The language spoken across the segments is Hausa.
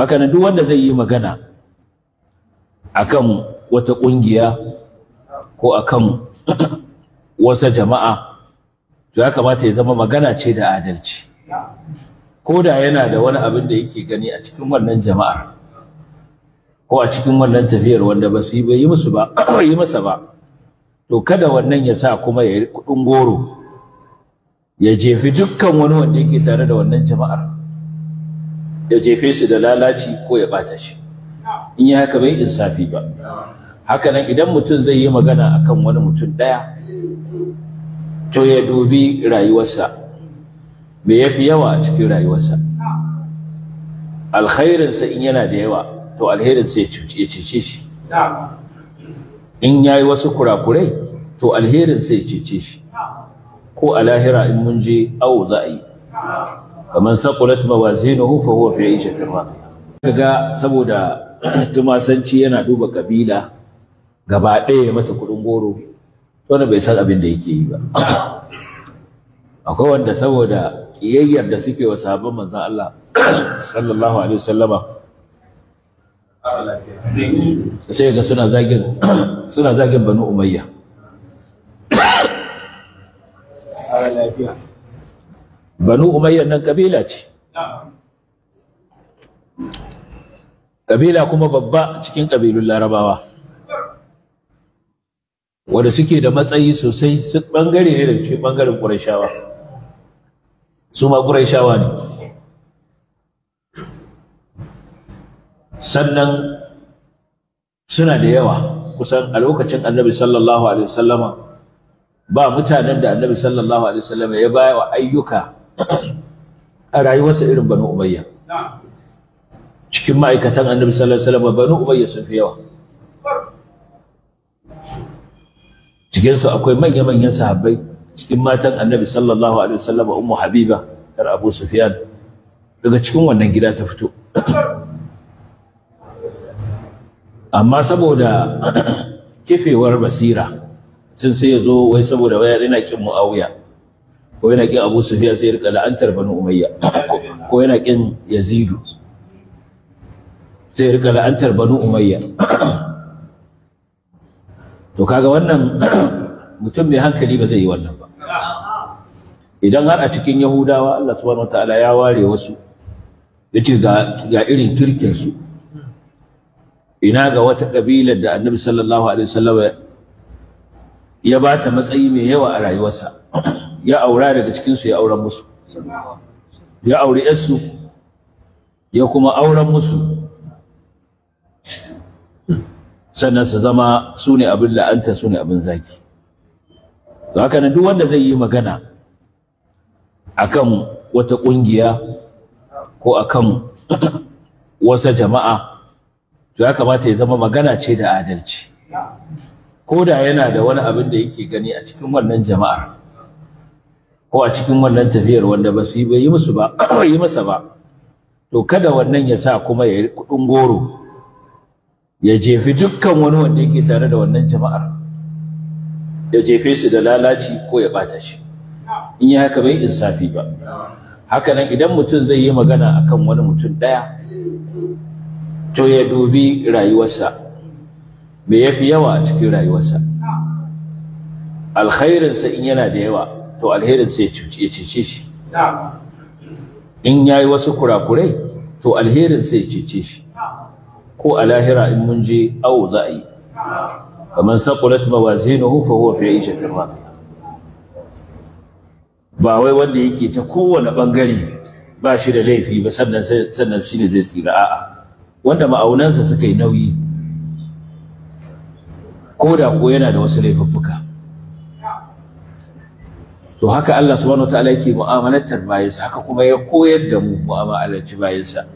haka nan duk wanda zai yi magana akan wata ƙungiya ko akan wata jama'a to ya kamata ya zama magana ce da adalci ko da yana da wani abin da yake gani a cikin wannan jama'ar ko a cikin wannan tafiyar wanda ba su yi bai yi musu ba yi masa ba to kada wannan ya sa kuma ya yi kuɗin goro ya jefi dukkan wani wanda yake tare da wannan jama'ar ya jefe shi da lalaci ko ya bata shi in yi haka bai insafi ba hakanan idan mutum zai yi magana akan wani mutum daya to ya dubi rayuwarsa me yafi yawa a cikin rayuwarsa alkhairinsa in yana da yawa to alherinsa ya cece shi in ya yi wasu kurakurai to alherinsa ya cece shi ko a lahira in mun je awo za a yi kamar saqulat mawazinuhu fa huwa fi 'ishatin radiya kaga saboda tumasanci yana duba kabila gaba ɗaya mata kudin goro wanda bai san abin da yake yi ba akwai wanda saboda kiyayyar da suke wa sahabban manzon Allah sallallahu alaihi wasallama sai ga suna zagin suna zagin banu umayya banu umayyan nan kabila ce kabila kuma babba cikin kabilun larabawa wanda suke da matsayi sosai su bangare ne da cikin bangaren ƙurashawa su ma ƙurashawa ne sannan suna da yawa kusan a lokacin annabi sallallahu alaihi wasallama ba mutanen da annabi sallallahu alaihi wasallama ya baya wa ayyuka a rayuwarsa irin banu umayya cikin ma'aikatan annabi sallallahu alaihi wasallam banu umayya sun fi yawa cikin su akwai manya manyan sahabbai cikin matan annabi sallallahu alaihi wasallam ummu habiba yar abu sufyan daga cikin wannan gida ta fito amma saboda kifewar basira tun sai ya zo wai saboda wayar ina kin muawiya ko yana kin Abu Sufyan sai rika la'antar Banu Umayya ko yana kin Yazid sai rika la'antar Banu Umayya to kaga wannan mutum mai hankali ba zai yi wannan ba idan har a cikin Yahudawa Allah subhanahu wataala ya ware wasu yace ga ga irin kirkin su ina ga wata kabilar da Annabi sallallahu alaihi wasallam ya ba ta matsayi mai yawa a rayuwarsa ya aura daga cikinsu ya auren musu ya auri yarsu ya kuma auren musu sannan su zama su ne abin la'anta su ne abin zaki to haka nan duk wanda zai yi magana akan wata ƙungiya ko akan wata jama'a to ya kamata ya zama magana ce da adalci Koda yana da wani abin da yake gani a cikin wannan jama'ar ko a cikin wannan tafiyar wanda ba su yi bai yi musu ba yi masa ba to kada wannan ya sa kuma ya kudin goro ya jefi dukkan wani wanda yake tare da wannan jama'ar ya jefe su da lalaci ko ya bata shi in yi haka bai insafi ba haka nan idan mutum zai yi magana akan wani mutum daya to ya dubi rayuwarsa me yafi yawa a cikin rayuwarsa alkhairinsa in yana da yawa to alherinsa ya cece shi in ya yi wasu kurakurai to alherinsa ya cece shi ko a lahira in mun je awo za a yi kamar saƙulat mawazinuhu hufa huwa fiye aishatin radiya ba wai wanda yake ta kowane ɓangare ba shi da laifi ba sannan shi ne zai tsira a'a wanda ma'aunansa suka yi nauyi ko da ko yana da wasu laifuffuka to haka Allah subhanahu wataala yake mu'amalantar bayansa haka kuma ya koyar da mu mu'amalanci bayansa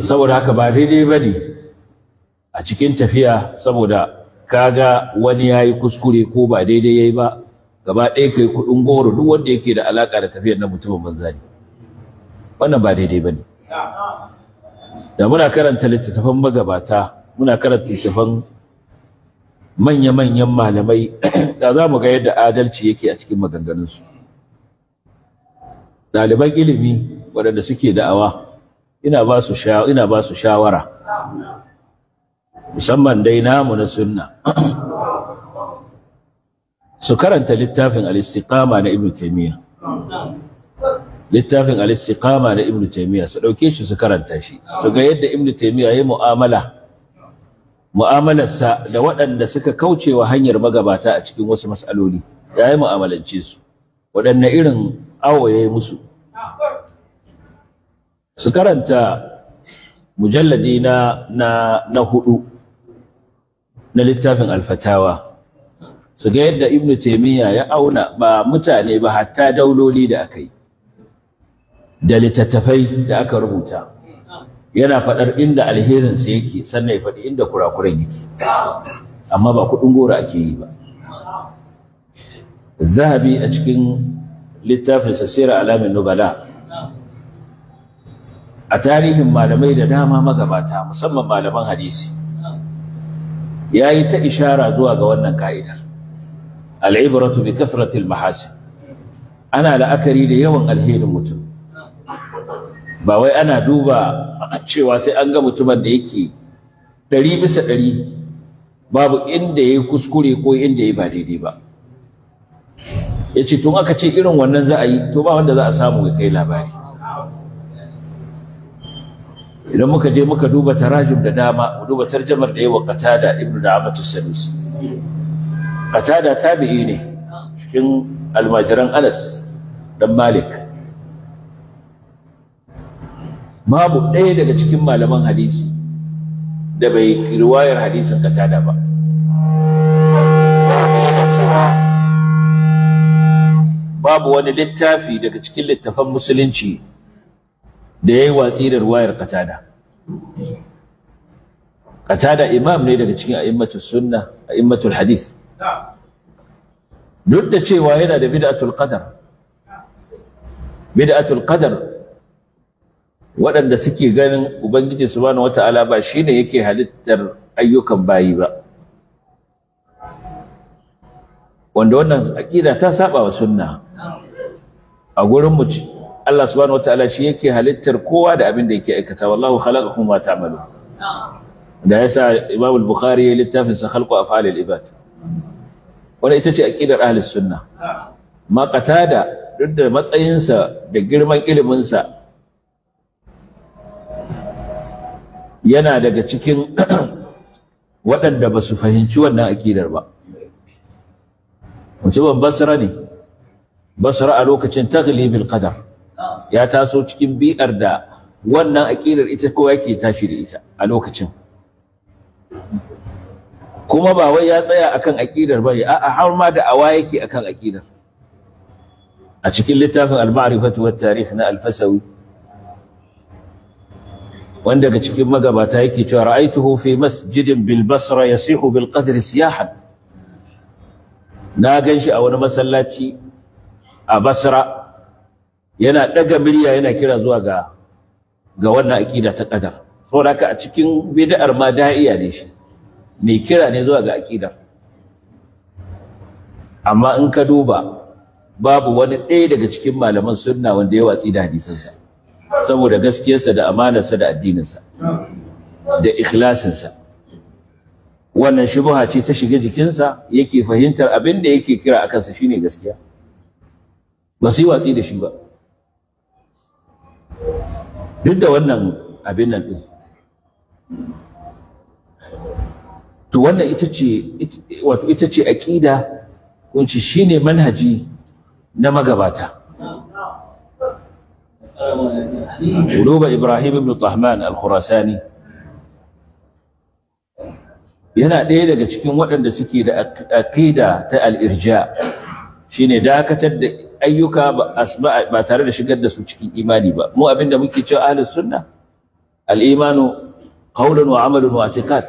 saboda haka ba daidai ba ne a cikin tafiya saboda kaga wani ya yi kuskure ko ba daidai ya yi ba gaba ɗaya kai kuɗin goro duk wanda yake da alaƙa da tafiyar na mutumin banza wannan ba daidai ba ne da muna karanta littattafan magabata muna karanta littattafan manya-manyan malamai da za mu ga yadda adalci yake a cikin maganganunsu ɗaliban ilimi waɗanda suke da'awa ina ba su ina ba su shawara musamman dai namu na sunna su karanta littafin al-istiqama na ibnu taymiyyah littafin al-istiqama na ibnu taymiya su dauke shi su karanta shi su ga yadda ibnu ya yayi mu'amala mu'amalarsa da waɗanda suka kauce wa hanyar magabata a cikin wasu mas'aloli yayi mu'amalance su waɗanne irin awo yayi musu su karanta mujalladi na na na hudu na littafin alfatawa su ga yadda ibnu taymiya ya auna ba mutane ba hatta dauloli da aka da littattafai da aka rubuta yana faɗar inda alherinsa yake sannan ya faɗi inda kurakuran yake amma ba kuɗin goro ake yi ba zahabi a cikin littafinsa sira alamin nubala a tarihin malamai da dama magabata musamman malaman hadisi ya yi ta ishara zuwa ga wannan ka'idar al'ibratu bi kafratil mahasin ana la'akari da yawan alherin mutum ba wai ana duba cewa sai an ga mutumin da yake ɗari bisa ɗari babu inda ya yi kuskure ko inda ya yi ba daidai ba ya ce tun aka ce irin wannan za a yi to ba wanda za a samu ya kai labari idan muka je muka duba tarajim da dama mu duba tarjamar da yawa qatada ibnu da'amatu sanusi qatada tabi'i ne cikin almajiran anas dan malik babu ɗaya daga cikin malaman hadisi da bai riwayar hadisin katada ba babu wani littafi daga cikin littafan musulunci da ya yi watsi da ruwayar katada katada imam ne daga cikin a'immatul sunna a'immatul hadith duk da cewa yana da bid'atul qadar bid'atul qadar waɗanda suke ganin ubangiji subhanahu wata'ala ba shine yake halittar ayyukan bayi ba wanda wannan aƙida ta saba wa sunna a gurin mu Allah subhanahu wata'ala shi yake halittar kowa da abin da yake aikata wallahu khalaqakum ta ta'malu da ya sa al-Bukhari ya littafin sa halko a al-ibad Wani ita ce aƙidar ahlus sunna ma qatada duk da matsayinsa da girman iliminsa yana daga cikin waɗanda ba su fahimci wannan aƙidar ba mutumin basra ne basra a lokacin taglibil qadar ya taso cikin bi'ar da wannan aƙidar ita kowa yake tashi da ita a lokacin kuma ba wai ya tsaya akan aƙidar bane a'a har ma da awa yake akan aƙidar a cikin littafin al-ma'rifatu wat tarikh na al-fasawi wanda daga cikin magabata yake cewa ra'aituhu fi masjidin bil basra yasihu bil qadri siyahan na ganshi a wani masallaci a basra yana daga murya yana kira zuwa ga ga wannan aqida ta qadar saboda haka a cikin bid'ar ma da'iya ne shi mai kira ne zuwa ga aqidar amma in ka duba babu wani ɗaya daga cikin malaman sunna wanda ya watsi da hadisansa saboda gaskiyarsa da amanarsa da addininsa da ikhlasinsa wannan shubha ce ta shiga jikinsa yake fahimtar abin da yake kira a kansa shine gaskiya ba su yi watsi da shi ba duk da wannan abin nan ɗin to wannan ita ce wato ita ce aƙida ko shine manhaji na magabata duba Ibrahim ibn Tahman al-Khurasani yana ɗaya daga cikin waɗanda suke da aqida ta al Shi shine dakatar da ayyuka ba tare da shigar da su cikin imani ba mu abinda muke cewa ahlus sunna al-imanu qawlan wa amalun wa i'tiqad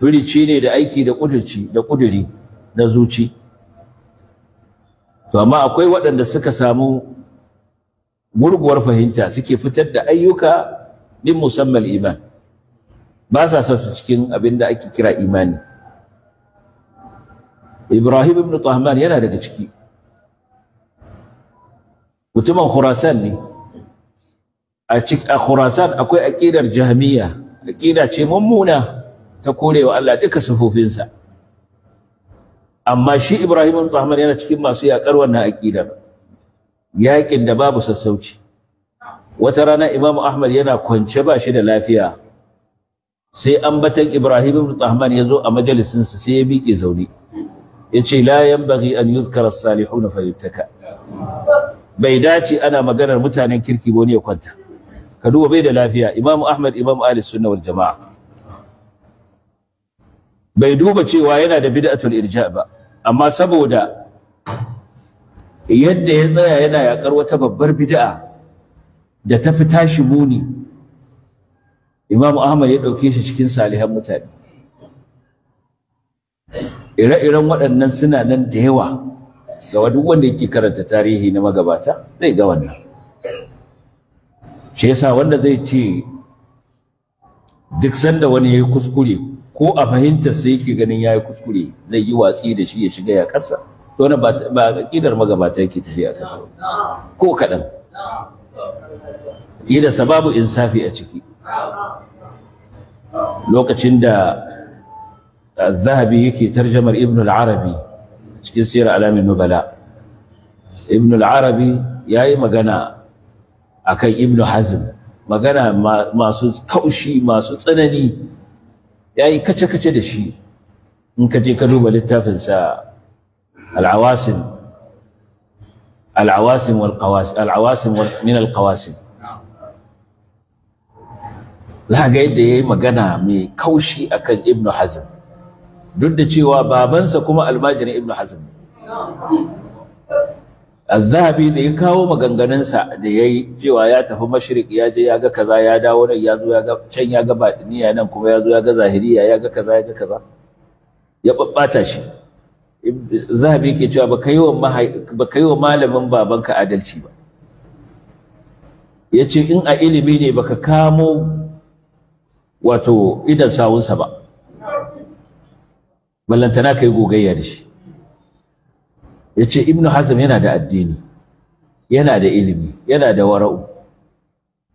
firici ne da aiki da kudurci da na zuci to amma akwai waɗanda suka samu Murguwar fahimta suke fitar da ayyuka din musamman iman ba sa sa su cikin abin da ake kira imani ibrahim ibn tahman yana daga ciki mutumin khurasan ne a cikin khurasan akwai aqidar jahmiya aqida ce mummuna ta korewa Allah duka sufofinsa amma shi ibrahim ibn tahman yana cikin masu yakar wannan aqidar yaƙin da babu sassauci wata rana imamu ahmad yana kwance ba shi da lafiya sai ambatan ibrahim ibn tahman ya zo a majalisinsa sai ya miƙe zaune ya ce la yanbaghi an yuzkara salihuna fa bai dace ana maganar mutanen kirki ba wani ya kwanta ka duba bai da lafiya imamu ahmad imamu ali sunna wal jama'a bai duba cewa yana da bid'atul irja ba amma saboda yadda ya tsaya yana yakar wata babbar bid'a da ta fi tashi muni Imam Ahmad ya ɗauke shi cikin salihan mutane ire-iren waɗannan suna nan da yawa ga duk wanda yake karanta tarihi na magabata zai ga wannan shi yasa wanda zai ce duk sanda wani ya yi kuskure ko a fahimtar sai yake ganin ya yi kuskure zai yi watsi da shi ya shiga ya kasa to na ba aqidar magabata yake tafiya ta ko kadan ida sababu insafi a ciki lokacin da zahabi yake tarjamar ibn al-arabi cikin sirar alamin nubala ibn al-arabi yayi magana akan ibn hazm magana masu kaushi masu tsanani yayi kace-kace da shi in ka je ka duba littafin sa العواصم العواصم والقواسم العواصم من ga yadda ya yi magana mai kaushi akan ibnu hazm duk da cewa babansa kuma almajirin ne. hazm zahabi da ya kawo maganganunsa da ya yi cewa ya tafi mashrik ya je ya ga kaza ya dawo nan ya ya ga can ya ga batiniya nan kuma ya zo ya ga zahiriya ya ga kaza ya ga kaza ya babbata shi zahabi yake cewa baka yi yi wa malamin babanka adalci ba yace in a ilimi ne ka kamo wato idan sawunsa ba ballantana kai gogayya da shi yace ibnu hazm yana da addini yana da ilimi yana da wara'u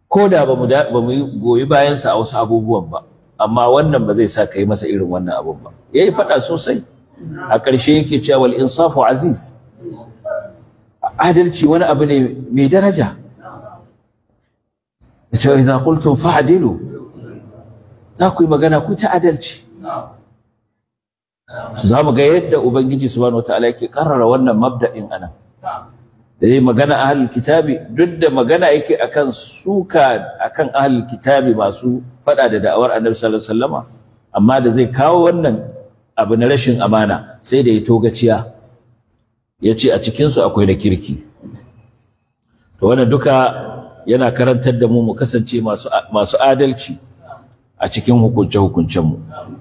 ko da ba mu goyi bayansa a wasu abubuwan ba amma wannan ba zai sa ka yi masa irin wannan abun ba ya yi faɗa sosai a ƙarshe yake cewa wal insafu aziz adalci wani abu ne mai daraja da cewa idza fa adilu za ku yi magana ku ta adalci za mu ga yadda ubangiji subhanahu wataala yake karrara wannan mabda'in anan da yayi magana ahlul kitabi duk da magana yake akan suka akan ahlul kitabi masu fada da da'awar annabi sallallahu alaihi wasallama amma da zai kawo wannan abu na rashin amana sai da ya togaciya ya ce a cikinsu akwai na kirki to wannan duka yana karantar da mu mu kasance masu adalci a cikin hukunce-hukuncenmu